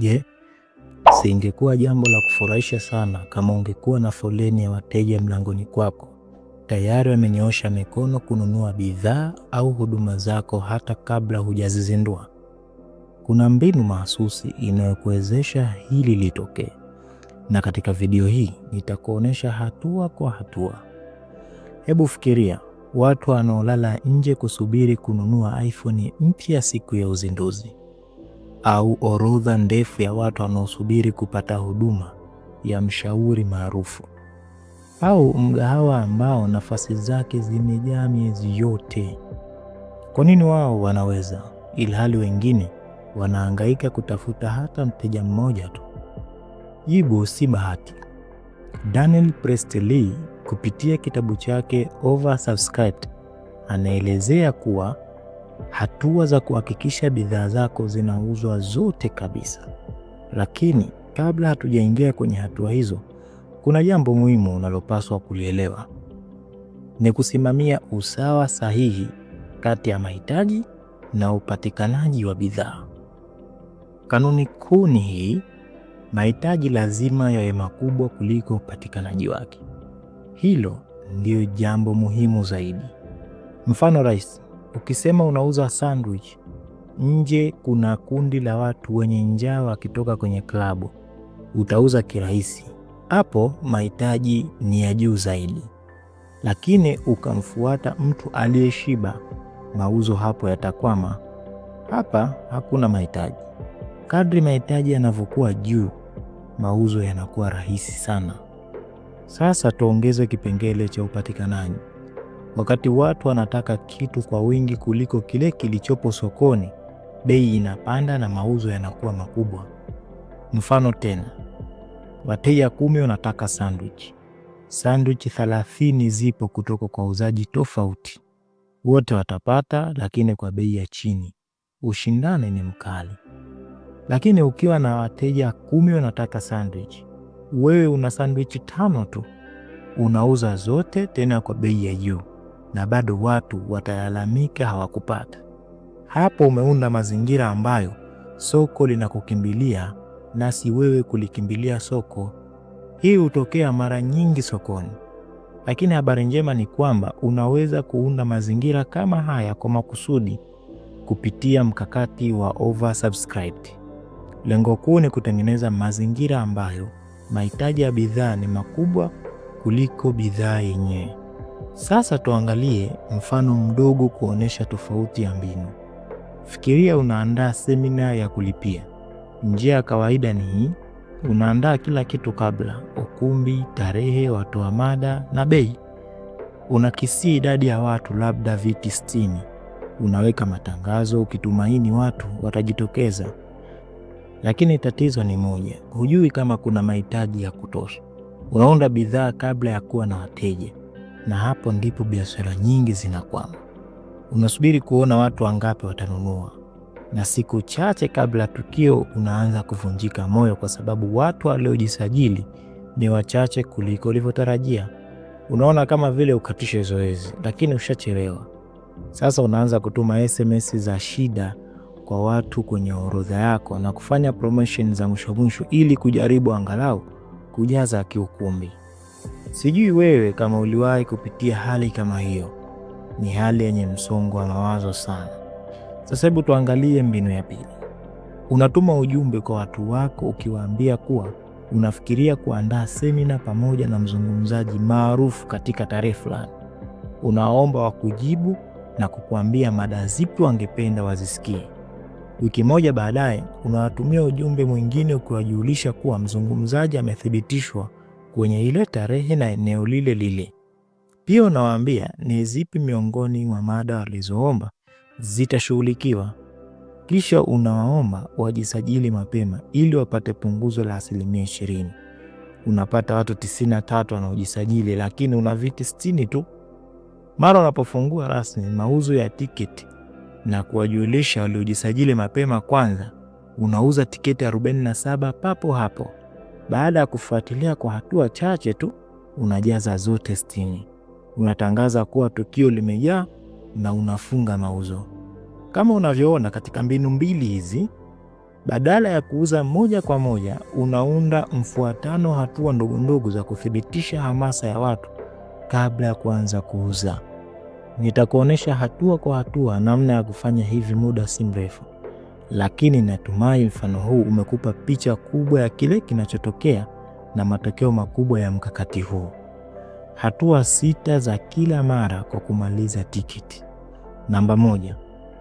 Je, singekuwa jambo la kufurahisha sana kama ungekuwa na foleni ya wateja mlangoni kwako tayari wamenyoosha mikono kununua bidhaa au huduma zako hata kabla hujazizindua? Kuna mbinu mahsusi inayokuwezesha hili litokee, na katika video hii nitakuonyesha hatua kwa hatua. Hebu fikiria watu wanaolala nje kusubiri kununua iPhone mpya siku ya uzinduzi au orodha ndefu ya watu wanaosubiri kupata huduma ya mshauri maarufu au mgahawa ambao nafasi zake zimejaa miezi yote. Kwa nini wao wanaweza ilhali wengine wanahangaika kutafuta hata mteja mmoja tu? Jibu si bahati. Daniel Priestley kupitia kitabu chake Oversubscribed anaelezea kuwa hatua za kuhakikisha bidhaa zako zinauzwa zote kabisa. Lakini kabla hatujaingia kwenye hatua hizo, kuna jambo muhimu unalopaswa kulielewa: ni kusimamia usawa sahihi kati ya mahitaji na upatikanaji wa bidhaa. Kanuni kuu ni hii: mahitaji lazima yawe makubwa kuliko upatikanaji wake. Hilo ndiyo jambo muhimu zaidi. Mfano rahisi Ukisema unauza sandwich, nje kuna kundi la watu wenye njaa wakitoka kwenye klabu, utauza kirahisi hapo. Mahitaji ni ya juu zaidi, lakini ukamfuata mtu aliyeshiba, mauzo hapo yatakwama. Hapa hakuna mahitaji. Kadri mahitaji yanavyokuwa juu, mauzo yanakuwa rahisi sana. Sasa tuongeze kipengele cha upatikanaji. Wakati watu wanataka kitu kwa wingi kuliko kile kilichopo sokoni, bei inapanda na mauzo yanakuwa makubwa. Mfano tena, wateja kumi wanataka sandwich, sandwich thalathini zipo kutoka kwa uzaji tofauti, wote watapata, lakini kwa bei ya chini. Ushindani ni mkali. Lakini ukiwa na wateja kumi wanataka sandwich, wewe una sandwich tano tu, unauza zote tena kwa bei ya juu na bado watu watalalamika hawakupata. Hapo umeunda mazingira ambayo soko linakukimbilia na si wewe kulikimbilia soko. Hii hutokea mara nyingi sokoni, lakini habari njema ni kwamba unaweza kuunda mazingira kama haya kwa makusudi kupitia mkakati wa oversubscribed. Lengo kuu ni kutengeneza mazingira ambayo mahitaji ya bidhaa ni makubwa kuliko bidhaa yenyewe. Sasa tuangalie mfano mdogo kuonesha tofauti ya mbinu. Fikiria unaandaa semina ya kulipia. Njia ya kawaida ni hii: unaandaa kila kitu kabla, ukumbi, tarehe, watoa mada na bei. Unakisia idadi ya watu, labda viti sitini. Unaweka matangazo ukitumaini watu watajitokeza, lakini tatizo ni moja: hujui kama kuna mahitaji ya kutosha. Unaunda bidhaa kabla ya kuwa na wateja na hapo ndipo biashara nyingi zinakwama. Unasubiri kuona watu wangapi watanunua, na siku chache kabla ya tukio unaanza kuvunjika moyo, kwa sababu watu waliojisajili ni wachache kuliko ulivyotarajia. Unaona kama vile ukatishe zoezi, lakini ushachelewa. Sasa unaanza kutuma SMS za shida kwa watu kwenye orodha yako na kufanya promotion za mwisho mwisho ili kujaribu angalau kujaza kiukumbi. Sijui wewe kama uliwahi kupitia hali kama hiyo. Ni hali yenye msongo wa mawazo sana. Sasa hebu tuangalie mbinu ya pili. Unatuma ujumbe kwa watu wako ukiwaambia kuwa unafikiria kuandaa semina pamoja na mzungumzaji maarufu katika tarehe fulani. Unaomba wakujibu na kukuambia mada zipi wangependa wazisikie. Wiki moja baadaye, unawatumia ujumbe mwingine ukiwajulisha kuwa mzungumzaji amethibitishwa kwenye ile tarehe na eneo lile lile. Pia unawaambia ni zipi miongoni mwa mada walizoomba zitashughulikiwa, kisha unawaomba wajisajili mapema ili wapate punguzo la asilimia ishirini. Unapata watu 93 wanaojisajili, lakini una viti 60 tu. Mara unapofungua rasmi mauzo ya tiketi na kuwajulisha waliojisajili mapema kwanza, unauza tiketi 47 papo hapo. Baada ya kufuatilia kwa hatua chache tu, unajaza zote sitini. Unatangaza kuwa tukio limejaa na unafunga mauzo. Kama unavyoona katika mbinu mbili hizi, badala ya kuuza moja kwa moja, unaunda mfuatano, hatua ndogo ndogo za kuthibitisha hamasa ya watu kabla ya kuanza kuuza. Nitakuonesha hatua kwa hatua namna ya kufanya hivi muda si mrefu lakini natumai mfano huu umekupa picha kubwa ya kile kinachotokea na matokeo makubwa ya mkakati huu. Hatua sita za kila mara kwa kumaliza tikiti. Namba moja,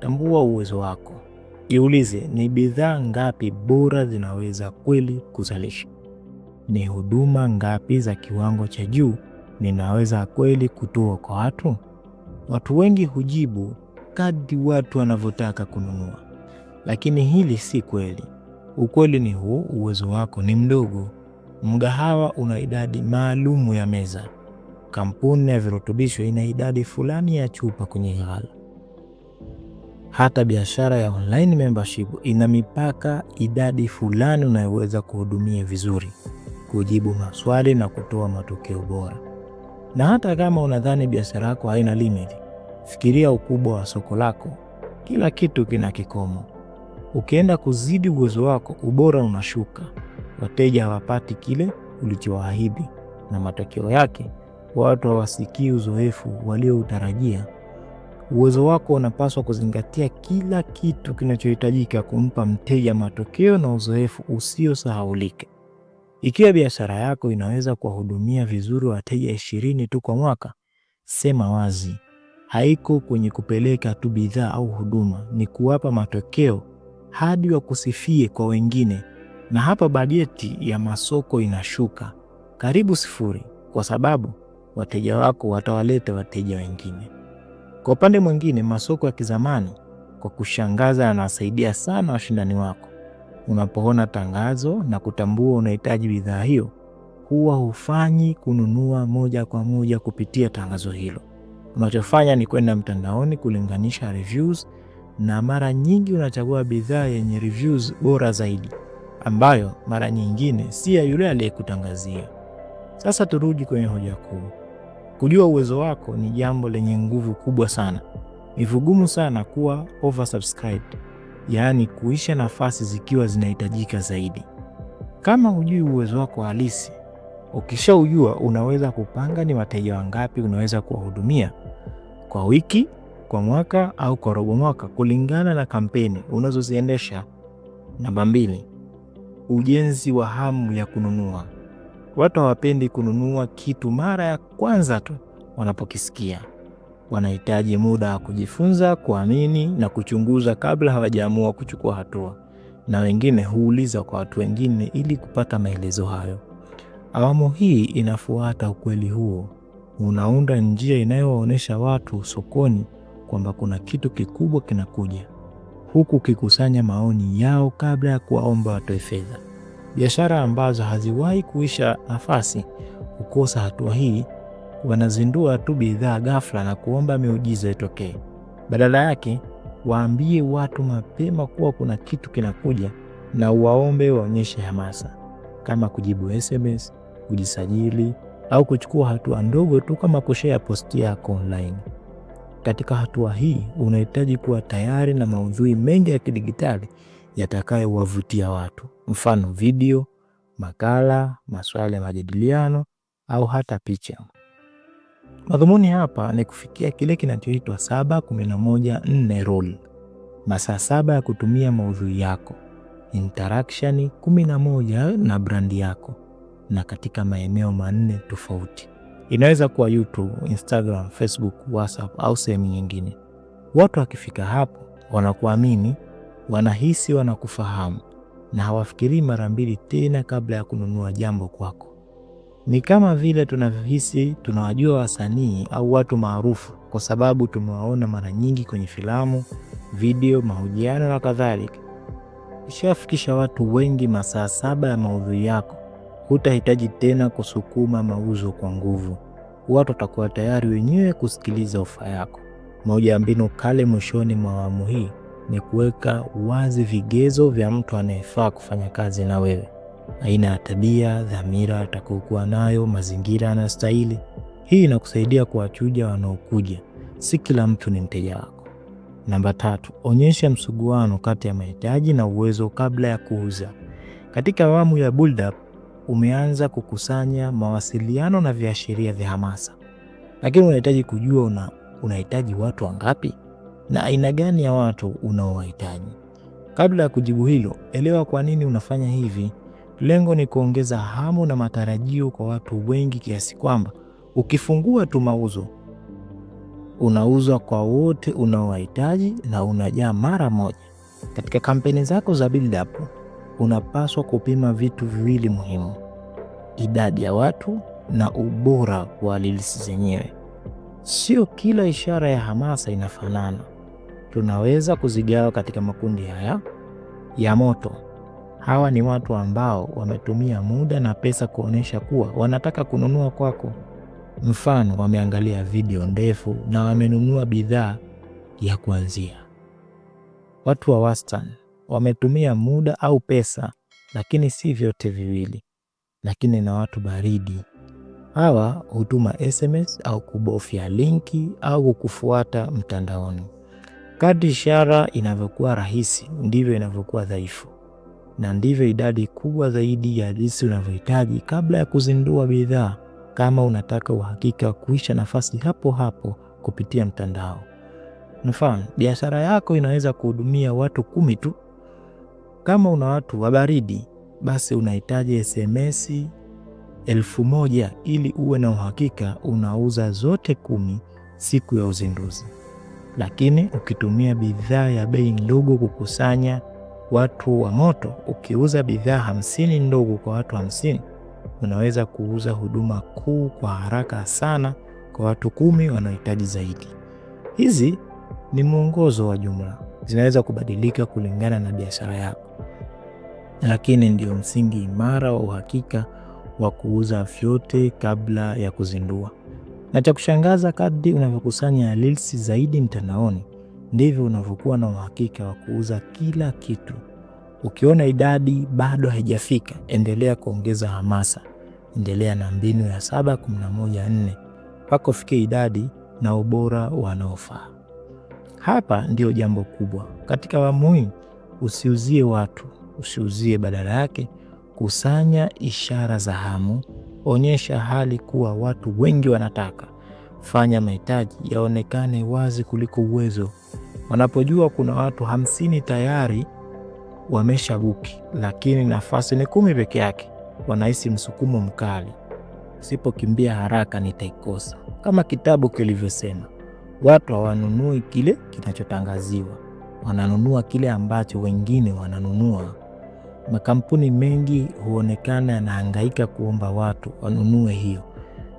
tambua uwezo wako. Jiulize, ni bidhaa ngapi bora zinaweza kweli kuzalisha? Ni huduma ngapi za kiwango cha juu ninaweza kweli kutoa kwa watu? Watu wengi hujibu kadri watu wanavyotaka kununua. Lakini hili si kweli. Ukweli ni huu: uwezo wako ni mdogo. Mgahawa una idadi maalumu ya meza, kampuni ya virutubisho ina idadi fulani ya chupa kwenye ghala, hata biashara ya online membership ina mipaka, idadi fulani unayoweza kuhudumia vizuri, kujibu maswali na kutoa matokeo bora. Na hata kama unadhani biashara yako haina limit, fikiria ukubwa wa soko lako. Kila kitu kina kikomo. Ukienda kuzidi uwezo wako, ubora unashuka, wateja hawapati kile ulichowaahidi, na matokeo yake watu hawasikii uzoefu walioutarajia. Uwezo wako unapaswa kuzingatia kila kitu kinachohitajika kumpa mteja matokeo na uzoefu usiosahaulike Ikiwa biashara yako inaweza kuwahudumia vizuri wateja ishirini tu kwa mwaka, sema wazi. Haiko kwenye kupeleka tu bidhaa au huduma, ni kuwapa matokeo hadi wakusifie kwa wengine, na hapa bajeti ya masoko inashuka karibu sifuri, kwa sababu wateja wako watawaleta wateja wengine. Kwa upande mwingine, masoko ya kizamani kwa kushangaza yanawasaidia sana washindani wako. Unapoona tangazo na kutambua unahitaji bidhaa hiyo, huwa hufanyi kununua moja kwa moja kupitia tangazo hilo. Unachofanya ni kwenda mtandaoni kulinganisha reviews na mara nyingi unachagua bidhaa yenye reviews bora zaidi, ambayo mara nyingine si ya yule aliyekutangazia. Sasa turudi kwenye hoja kuu. Kujua uwezo wako ni jambo lenye nguvu kubwa sana. Ni vigumu sana kuwa oversubscribed, yaani kuisha nafasi zikiwa zinahitajika zaidi. Kama hujui uwezo wako halisi, ukishaujua unaweza kupanga ni wateja wangapi unaweza kuwahudumia kwa wiki, kwa mwaka au kwa robo mwaka kulingana na kampeni unazoziendesha. Namba mbili, ujenzi wa hamu ya kununua. Watu hawapendi kununua kitu mara ya kwanza tu wanapokisikia. Wanahitaji muda wa kujifunza, kuamini na kuchunguza kabla hawajaamua kuchukua hatua, na wengine huuliza kwa watu wengine ili kupata maelezo hayo. Awamu hii inafuata ukweli huo, unaunda njia inayowaonyesha watu sokoni kwamba kuna kitu kikubwa kinakuja, huku ukikusanya maoni yao kabla ya kuwaomba watoe fedha. Biashara ambazo haziwahi kuisha nafasi hukosa hatua hii. Wanazindua tu bidhaa ghafla na kuomba miujiza itokee. Badala yake, waambie watu mapema kuwa kuna kitu kinakuja na uwaombe waonyeshe hamasa, kama kujibu SMS, kujisajili au kuchukua hatua ndogo tu kama kushare posti yako online. Katika hatua hii unahitaji kuwa tayari na maudhui mengi ya kidigitali yatakayowavutia watu, mfano video, makala, maswala ya majadiliano au hata picha. Madhumuni hapa ni kufikia kile kinachoitwa saba kumi na moja nne rule, masaa saba ya kutumia maudhui yako, interaction kumi na moja na brandi yako, na katika maeneo manne tofauti. Inaweza kuwa YouTube, Instagram, Facebook, WhatsApp au sehemu nyingine. Watu wakifika hapo, wanakuamini, wanahisi wanakufahamu na hawafikirii mara mbili tena kabla ya kununua jambo kwako. Ni kama vile tunavyohisi tunawajua wasanii au watu maarufu kwa sababu tumewaona mara nyingi kwenye filamu, video, mahojiano na kadhalika. Ishawafikisha watu wengi masaa saba ya maudhui yako hutahitaji tena kusukuma mauzo kwa nguvu. Watu watakuwa tayari wenyewe kusikiliza ofa yako. Moja ya mbinu kale mwishoni mwa awamu hii ni kuweka wazi vigezo vya mtu anayefaa kufanya kazi na wewe: aina ya tabia, dhamira atakayokuwa nayo, mazingira anastahili. Hii inakusaidia kuwachuja wanaokuja. Si kila mtu ni mteja wako. Namba tatu, onyesha msuguano kati ya mahitaji na uwezo kabla ya kuuza. Katika awamu ya build up umeanza kukusanya mawasiliano na viashiria vya hamasa, lakini unahitaji kujua una unahitaji watu wangapi na aina gani ya watu unaowahitaji. Kabla ya kujibu hilo, elewa kwa nini unafanya hivi. Lengo ni kuongeza hamu na matarajio kwa watu wengi kiasi kwamba ukifungua tu mauzo unauzwa kwa wote unaowahitaji na unajaa mara moja. Katika kampeni zako za build up unapaswa kupima vitu viwili muhimu: idadi ya watu na ubora wa alilisi zenyewe. Sio kila ishara ya hamasa inafanana. Tunaweza kuzigawa katika makundi haya ya moto. Hawa ni watu ambao wametumia muda na pesa kuonyesha kuwa wanataka kununua kwako. Mfano, wameangalia video ndefu na wamenunua bidhaa ya kuanzia. Watu wa wastani wametumia muda au pesa, lakini si vyote viwili. Lakini na watu baridi hawa hutuma SMS au kubofya linki au kukufuata mtandaoni. Kadri ishara inavyokuwa rahisi, ndivyo inavyokuwa dhaifu, na ndivyo idadi kubwa zaidi ya jinsi unavyohitaji kabla ya kuzindua bidhaa. Kama unataka uhakika wa kuisha nafasi hapo hapo kupitia mtandao, mfano biashara yako inaweza kuhudumia watu kumi tu, kama una watu wa baridi, basi unahitaji SMS elfu moja ili uwe na uhakika unauza zote kumi siku ya uzinduzi. Lakini ukitumia bidhaa ya bei ndogo kukusanya watu wa moto, ukiuza bidhaa hamsini ndogo kwa watu hamsini, unaweza kuuza huduma kuu kwa haraka sana kwa watu kumi wanaohitaji zaidi. Hizi ni mwongozo wa jumla zinaweza kubadilika kulingana na biashara yako, lakini ndio msingi imara wa uhakika wa kuuza vyote kabla ya kuzindua. Na cha kushangaza, kadri unavyokusanya leads zaidi mtandaoni, ndivyo unavyokuwa na uhakika wa kuuza kila kitu. Ukiona idadi bado haijafika, endelea kuongeza hamasa, endelea na mbinu ya sab1m4 mpaka ufikie idadi na ubora wanaofaa. Hapa ndio jambo kubwa katika Wamui, usiuzie watu, usiuzie, badala yake kusanya ishara za hamu, onyesha hali kuwa watu wengi wanataka, fanya mahitaji yaonekane wazi kuliko uwezo. Wanapojua kuna watu hamsini tayari wameshabuki, lakini nafasi ni kumi peke yake, wanahisi msukumo mkali, usipokimbia haraka nitaikosa, kama kitabu kilivyosema watu hawanunui kile kinachotangaziwa, wananunua kile ambacho wengine wananunua. Makampuni mengi huonekana yanahangaika kuomba watu wanunue hiyo.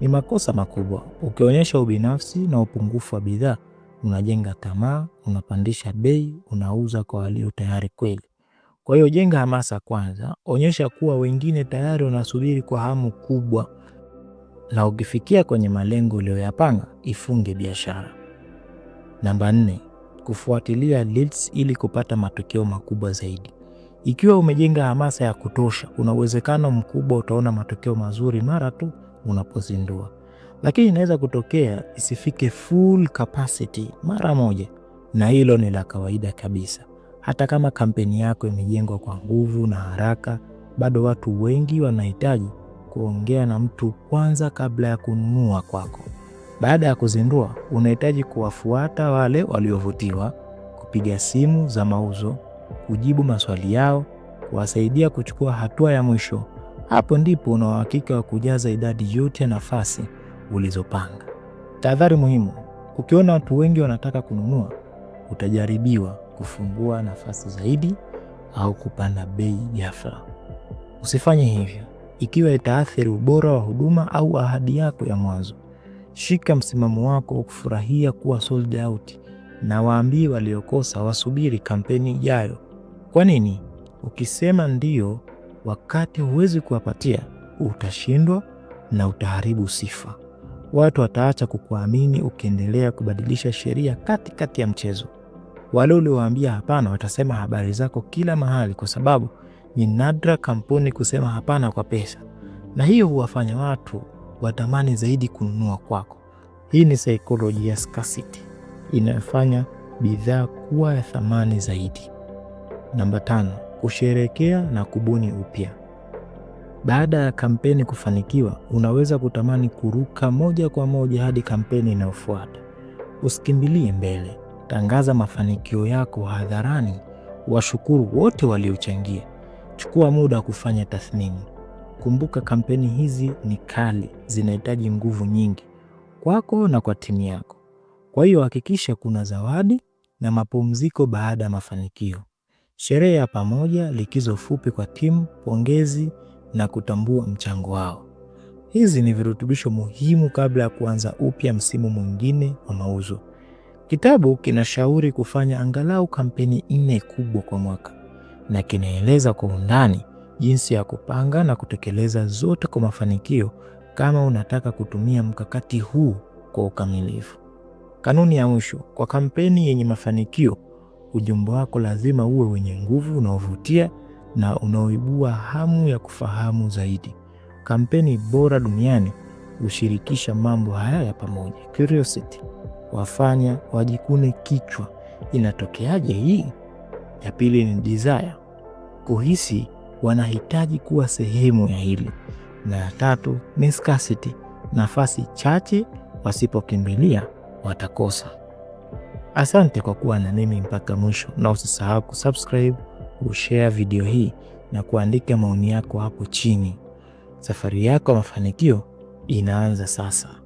Ni makosa makubwa. Ukionyesha ubinafsi na upungufu wa bidhaa, unajenga tamaa, unapandisha bei, unauza kwa walio tayari kweli. Kwa hiyo jenga hamasa kwanza, onyesha kuwa wengine tayari wanasubiri kwa hamu kubwa, na ukifikia kwenye malengo uliyoyapanga, ifunge biashara. Namba nne, kufuatilia leads ili kupata matokeo makubwa zaidi. Ikiwa umejenga hamasa ya kutosha, kuna uwezekano mkubwa utaona matokeo mazuri mara tu unapozindua, lakini inaweza kutokea isifike full capacity mara moja, na hilo ni la kawaida kabisa. Hata kama kampeni yako imejengwa kwa nguvu na haraka, bado watu wengi wanahitaji kuongea na mtu kwanza kabla ya kununua kwako. Baada ya kuzindua, unahitaji kuwafuata wale waliovutiwa, kupiga simu za mauzo, kujibu maswali yao, kuwasaidia kuchukua hatua ya mwisho. Hapo ndipo una uhakika wa kujaza idadi yote ya nafasi ulizopanga. Tahadhari muhimu: ukiona watu wengi wanataka kununua, utajaribiwa kufungua nafasi zaidi au kupanda bei ghafla. Usifanye hivyo ikiwa itaathiri ubora wa huduma au ahadi yako ya mwanzo. Shika msimamo wako wa kufurahia kuwa sold out, na waambie waliokosa wasubiri kampeni ijayo. Kwa nini? Ukisema ndio wakati huwezi kuwapatia, utashindwa na utaharibu sifa. Watu wataacha kukuamini ukiendelea kubadilisha sheria katikati ya mchezo. Wale uliowaambia hapana watasema habari zako kila mahali, kwa sababu ni nadra kampuni kusema hapana kwa pesa, na hiyo huwafanya watu watamani zaidi kununua kwako. Hii ni saikolojia ya scarcity inayofanya bidhaa kuwa ya thamani zaidi. Namba tano, kusherekea na kubuni upya. Baada ya kampeni kufanikiwa, unaweza kutamani kuruka moja kwa moja hadi kampeni inayofuata. Usikimbilie mbele, tangaza mafanikio yako hadharani, washukuru wote waliochangia. Chukua muda wa kufanya tathmini. Kumbuka kampeni hizi ni kali, zinahitaji nguvu nyingi kwako na kwa timu yako. Kwa hiyo hakikisha kuna zawadi na mapumziko baada ya mafanikio, sherehe ya pamoja, likizo fupi kwa timu, pongezi na kutambua mchango wao. Hizi ni virutubisho muhimu kabla ya kuanza upya msimu mwingine wa mauzo. Kitabu kinashauri kufanya angalau kampeni nne kubwa kwa mwaka na kinaeleza kwa undani jinsi ya kupanga na kutekeleza zote kwa mafanikio kama unataka kutumia mkakati huu kwa ukamilifu. Kanuni ya mwisho: kwa kampeni yenye mafanikio, ujumbe wako lazima uwe wenye nguvu, unaovutia na unaoibua hamu ya kufahamu zaidi. Kampeni bora duniani hushirikisha mambo haya ya pamoja: curiosity, wafanya wajikune kichwa, inatokeaje hii? Ya pili ni desire, kuhisi wanahitaji kuwa sehemu ya hili. Na ya tatu ni scarcity, nafasi chache, wasipokimbilia watakosa. Asante kwa kuwa na mimi mpaka mwisho, na usisahau kusubscribe, kushare video hii na kuandika maoni yako hapo chini. Safari yako ya mafanikio inaanza sasa.